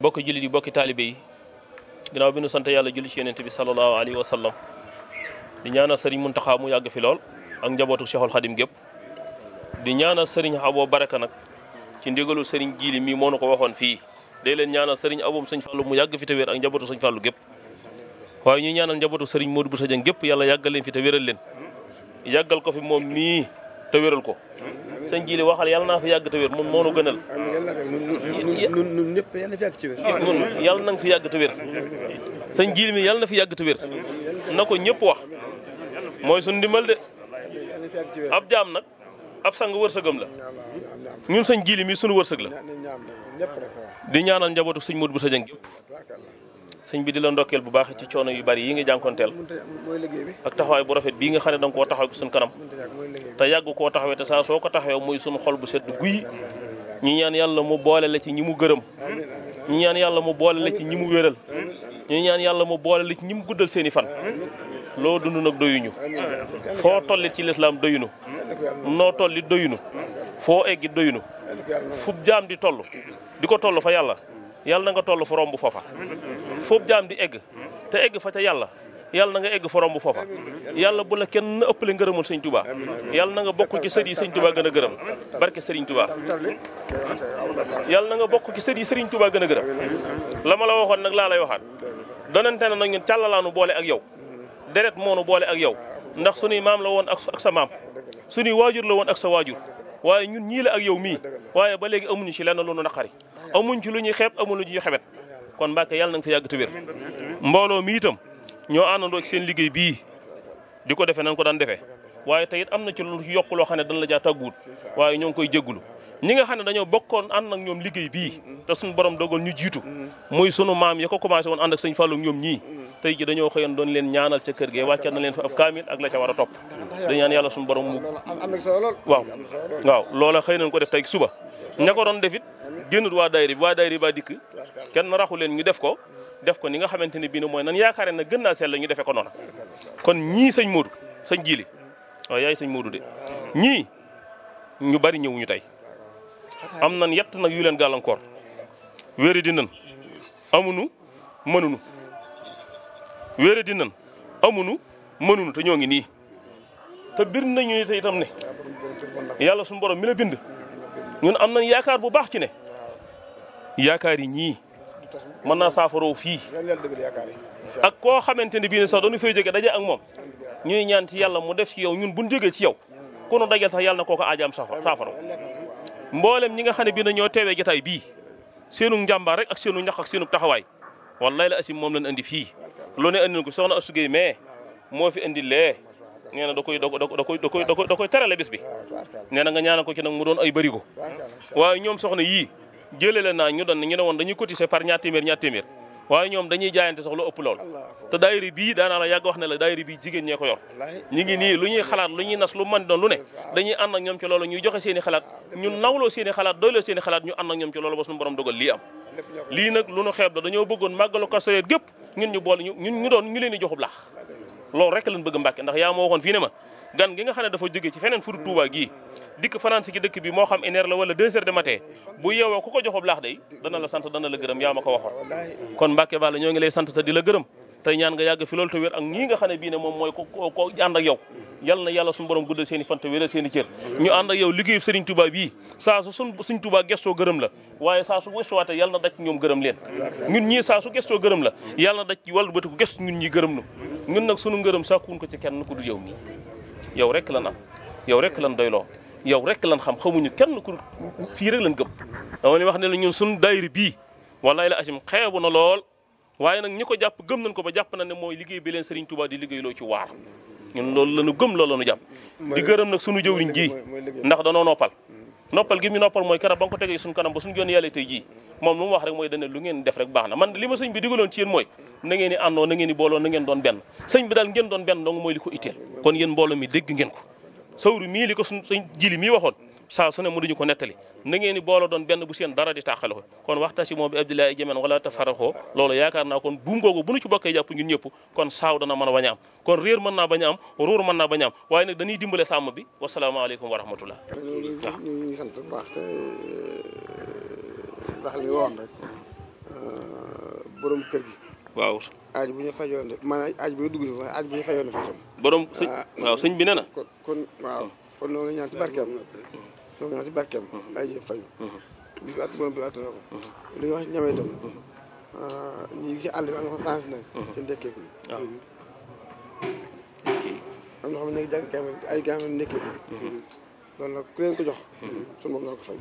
bokki jullit yi bokki taalibe yi ginnaaw bi nu sant yàlla julli ci yonent bi sallallahu alayhi wa sallam di ñaanal sëriñ Muntaxa mu yàgg fi lool ak njabootu Cheikhul Xadim gépp di ñaanal sëriñ Abo Baraka nag ci ndigalu sëriñ Jiili mii moo nu ko waxoon fii day leen ñaanal sëriñ aboom sëñ Fàllu mu yàgg fi te wér ak njabootu sëñ Fàllu gépp waaye ñuy ñaanal njabootu sëriñ Modou Bousso Dieng gépp yàlla yàggal leen fi te wéral leen yàggal ko fi moom mii te wéral ko sëñ Jili waxal yàlla naa fi yàgg te wér mun moo a gënal. ñun ñun ñëpp yàlla na fi yàgg te wér. ñun yàlla na fi yàgg te wér. mi yàlla na fi yàgg te wér na ko ñëpp wax mooy suñu ndimbal de ab jaam nag ab sang wërsëgam la ñun sëñ Jili mi sunu wërsëg la di ñaanal njabootu sëñ Modou Bousso Dieng gépp sëñ bi di la ndokkeel bu baax ci coono yu bari yi nga jànkonteel ak taxawaay bu rafet bii nga xam ne danga koo taxaw ci suñ kanam te yàgg koo taxawee te saa soo ko taxawee muy suñu xol bu sedd guy ñu ñaan yàlla mu boole la ci ñi mu gërëm ñu ñaan yàlla mu boole la ci ñi mu wéral ñu ñaan yàlla mu boole ñi mu guddal seeni fan loo dund nag doyuñu foo tollit ci lislaam doyunu noo tollit doyunu foo eggi doyunu fu jaam di toll di ko toll fa yàlla yàlla na nga toll fa romb foofa foofu jaam di egg te egg fa ca yàlla yàlla na nga egg fa romb foofa yàlla bu la kenn ëppale ngërëmul sëñ Touba yàlla na nga bokk ci sët yi sëñ Touba gën a gërëm barke Serigne Touba yàlla na nga bokk ci sët yi Serigne Touba gën a gërëm lama la waxoon nag laa lay waxaat donante na nag ñun càllalaanu boole ak yow deret moonu boole ak yow ndax su suñuy maam la woon ak sa maam su suñuy waajur la woon ak sa waajur waaye ñun ñii la ak yow mii waaye ba léegi amuñu ci lenn lu nu naqari amuñ ci lu ñuy xeeb amuñ lu ñuy xebet kon Mbàkke yàlla na nga fi yàgg te wér mbooloo mi ñoo àndandoo seen liggéey bii di ko defee nan ko daan defee waaye tey am na ci lu yokk loo xam ne dañ la jaa tàgguwut waaye ñoo ngi koy jéggulu ñi nga xam ne dañoo bokkoon ànd ak ñoom liggéey bii te suñu borom dogal ñu jiitu muy sunu maam ya ko commencé woon ànd ak sëñ Fallou ñoom ñi tey ji dañoo xëyoon doon leen ñaanal ca kër gee wàcce na leen fa ab kaamil ak la ca war a topp dañ ñaan yàlla suñu borom mu waaw waaw xëy nañ ko def tey suba ña ko génnut waa daayira bi waa daayira baa dikk kenn raxu leen ñu def ko def ko ni nga xamante ne bii ne mooy nan yaakaare na gën naa sell ñu defee ko noona kon ñii sañ Modou sañ Jili waaw yaay sëñ Modou de ñii ñu bari ñëwuñu tey am nan yett nag yu leen gàllankoor wéeri di nan amunu mënunu wéeri di amunu mënunu te ñoo ngi nii te bir nañu ni te itam ne yàlla suñu borom mi la bind ñun am nañ yaakaar bu baax ci ne yaakaar yi ñii mën naa saafaroo fii ak koo xamante ne bii ne sax dañu fay jóge daje ak moom ñuy ñaan ci yàlla mu def ci yow ñun bu jógee ci yow ku nu dajal sax yàlla na kooko aajaam saafaro mboolem ñi nga xam ne bii na ñoo teewee jotaay bii seenu njàmbaar rek ak seenu ñax ak seenu taxawaay wallaay la asim moom lan andi fii lu ne andi na ko soxna asugey mais moo fi andi le nee na da koy da koy da koy da koy da koy terale bis bi nee na nga ñaanal ko ci nag mu doon ay bërigo jëlee la naa ñu doon ñu ne woon dañuy cotiser par ñaar téeméer ñaar téeméer waaye ñoom dañuy jaayante sax lu ëpp lool te daayira bii daanaa la yàgg wax ne la daayira bii jigéen ñee ko yor ñu ngi nii lu ñuy xalaat lu ñuy nas lu mën doon lu ne dañuy ànd ak ñoom ci loolu ñuy joxe seeni i xalaat ñu nawloo seen i xalaat doyloo seen i xalaat ñu ànd ak ñoom ci loolu ba suñu borom dogal lii am lii nag lu nu xeeb la dañoo bëggoon màggalu Kazu Rajab gépp ñun ñu boole ñu ñu doon ñu leen di joxub laax loolu rek lañ bëgg Mbàkke ndax yaa ma waxoon fii ne ma gan gi nga xam ne dafa jóge ci feneen furu Tuubaa gii dikk fanaan si ci dëkk bi moo xam une heure la wala deux heures de matin bu yeewoo ku ko joxob laax day dana la sant dana la gërëm yaa ma ko waxoon kon Mbàkke Balla ñoo ngi lay sant te di la gërëm tey ñaan nga yàgg fi loolu te wér ak ñii nga xam ne bii ne moom mooy ko ko ànd ak yow yal na yàlla suñu borom seen i fan seen i ñu ànd ak yow liggéeyu Sëriñ Tuubaa bii saa su suñ Sëriñ gestoo gërëm la waaye saa su gestuwaate yal na daj ñoom gërëm leen ñun ñii saa su gestoo gërëm la yal na daj wàllu bëtu gestu ñun ñi gërëm nu nag sunu ngërëm sàkkuwun ko ci kenn ku du yow mii yow rek la na yow rek lan doyloo yow rek lan xam xamuñu kenn ku fii rek lan gëm dama wax ne la ñun suñu daayira bii wallaay la asim xeebu na lool waaye nag ñi ko jàpp gëm nañ ko ba jàpp na mooy liggéey bi leen Serigne di liggéey loo ci waar ñun loolu la ñu gëm loolu la ñu jàpp di gërëm nag suñu jëwriñ ji ndax danoo noppal mm. noppal gi mu noppal mooy keroog ba nga ko kanam ba suñu yoon yàlla tey jii moom lu wax rek mooy dane lu ngeen def rek baax na man li sëñ bi digaloon ci yéen mooy na booloo mi dégg ngeen sawru mii li ko suñ suñ jili mii waxoon saa su ne mu ko nettali na ngeen ni booloo doon benn bu seen dara di tàqale ko kon waxta si moo bi abdoulaye jamen wala tafaraxoo loolu yaakaar naa kon buum googu bu nu ci bokkee jàpp ñun ñëpp kon saaw dana mën a bañ a am kon réer mën naa ba a am ruur mën naa bañ a am waaye nag dañuy dimbale sàmm bi wasalaamaaleykum wa rahmatullah waaw ñu ngi sant bu baax te eh, ndax li aaj bu ñu fajoon de maanaam aaj bu ñu dugg fa aaj bu ñu fajoon de fa borom sëñ ah, waaw na kon waaw kon ñaan ci barkeem noo ñaan ci barkeem mm-hmm. aaj yëpp fayu bi mm-hmm. at borom mm-hmm. ah, bi attanoo ko ko waaw am na ah. xam ne jàng kaamel ku leen ko jox suñu moom na ko fay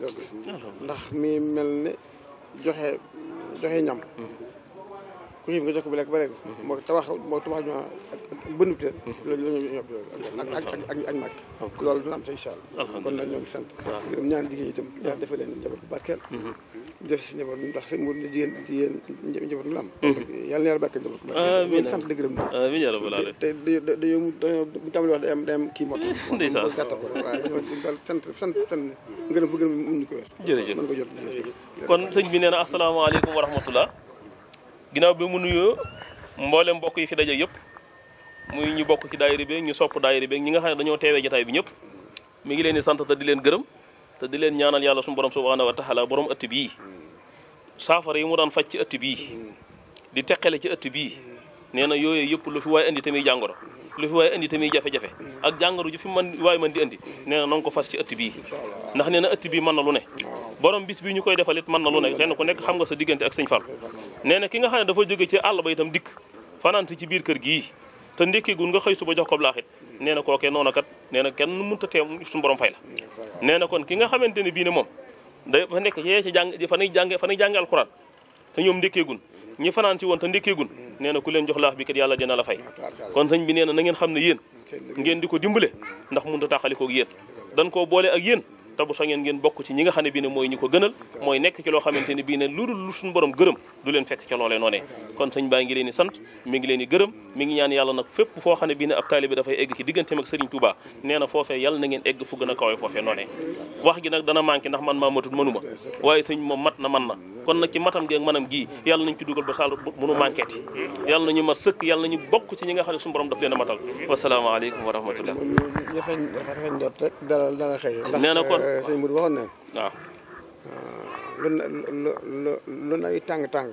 ndax mi mel ne joxe joxe ku ñëw nga jox ko bu lekk ba rek moo tabax moo tabax ñu ak bëndu te loolu la ñu ñop ak ak ak ak màgg loolu dina am te incha allah kon nag ñoo ngi sant gërëm ñaan jigéen ñi itam mm-hmm. yaa defee leen njaboot bu barkeel mm-hmm. def si njaboot ndax seen mur jigéen jigéen njaboot mu la am mm-hmm. yàlla na yàlla barkeel njaboot bu barkeel sant di gërëm na te dañoo mu jot kon sëñ bi nee na asalaamaaleykum wa ginnaaw bi mu nuyoo mboolem mbokk yi fi daje yëpp muy ñu bokk ci daayira bi ñu sopp daayira bi ñi nga xam ne dañoo teewee jotaay bi ñëpp mu ngi leen di sant te di leen gërëm te di leen ñaanal yàlla suñu borom subhaanahu wa taala borom ëtt bii saafara yi mu daan faj ci ëtt bii di teqale ci ëtt bi nee na yooyu yëpp lu fi waaye indi tamit jàngoro lu fi waaye indi tamit jafe-jafe ak jàngoro ju fi mën waaye mën di indi nee na nanga ko fas ci ëtt bii ndax nee na ëtt bii mën na lu ne borom bis bi ñu koy defal it mën na lu ne kenn ku nekk xam nga sa diggante ak sëñ Fall nee na ki ne dafa jóge ci àll ba itam dikk fanante ci biir kër gii te ndékkee nga xëy suba jox ko blaaxit nee na kookee noonu kat nee na kenn nu a teem suñu borom fay la nee na kon ki nga xamante ne bii ne moom dafa nekk yee ci jàng fa nay jànge fa nay jànge alxuraan te ñoom ndékkee gun ñi fanaan ci woon te ndékkeegun nee na ku leen jox laax bi kat yàlla dina la fay kon sëñ bi nee na na ngeen xam ne yéen ngeen di ko dimbale ndax mënut a tàqalikoog yéen dan koo boole ak yéen te bu sañeen ngeen bokk ci ñi nga xam ne bii ne mooy ñi ko gënal mooy nekk ci loo xamante ne bii ne lu dul lu suñu borom gërëm du leen fekk ca loolee noonee kon sëñ baa ngi leen sant mi ngi leen di gërëm mi ngi ñaan yàlla nag fépp foo xam ne bii ne ab taalibe dafay egg ci digganteem ak Sëriñ Tuuba nee na foofee yàlla na ngeen egg fu gën a kawe foofee noonee wax gi nag dana manqué ndax man waaye sëñ moom mat na man na kon nag ci matam gi ak manam gii yàlla nañ ci dugal ba saal munu manquéte yi yàlla nañu ma sëkk yàlla nañu bokk ci ñi nga xam ne suñu borom daf leen a matal wasalaamaaleykum wa rahmatullah nee na kon eh, sëñ Modou waxoon na waaw lu lu lu nay tàng-tàng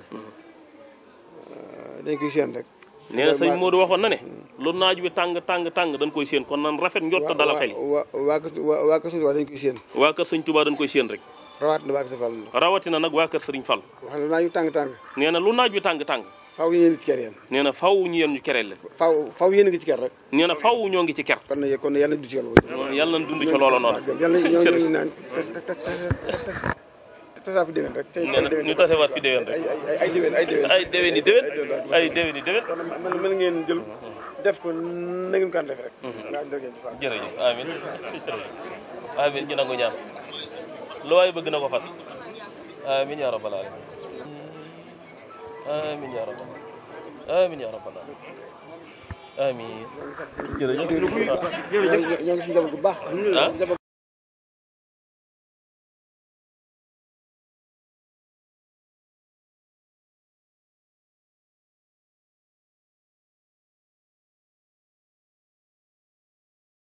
dañ koy seen rek nee na sëñ Modou waxoon na ne lu naaj bi tàng tàng tàng dañ koy seen kon nan rafet njot ta dalal xel yi waa waa waa kër sëñ Tuubaa dañ koy seen koy seen rek rawatina waa Kër Fall. nag waa Kër Serigne Fall. wax lu naaj wi tàng tàng. nee na lu naaj wi tàng tàng. faw yéen ngi ci ker yéen. nee na faw ñu yéen ñu kereel la. faw faw yéen ngi ci ker rek. nee na faw ñoo ngi ci ker. kon nag kon yàlla dund ci loolu. yàlla na dund ci loolu noonu. yàlla na ñoo ngi naan tas rek. nee na ñu tasewaat fi déwén rek. ay ay déwén ay déwén. ay déwén i déwén ay déwén i déwén. kon ngeen jël def ko na ngeen kaan def rek. jërëjëf amiin amiin ñu nangu ñaan. lu waaye bëgg na ko fas amin ya rabbal alamin amin ya rabbal amin ya rabbal amin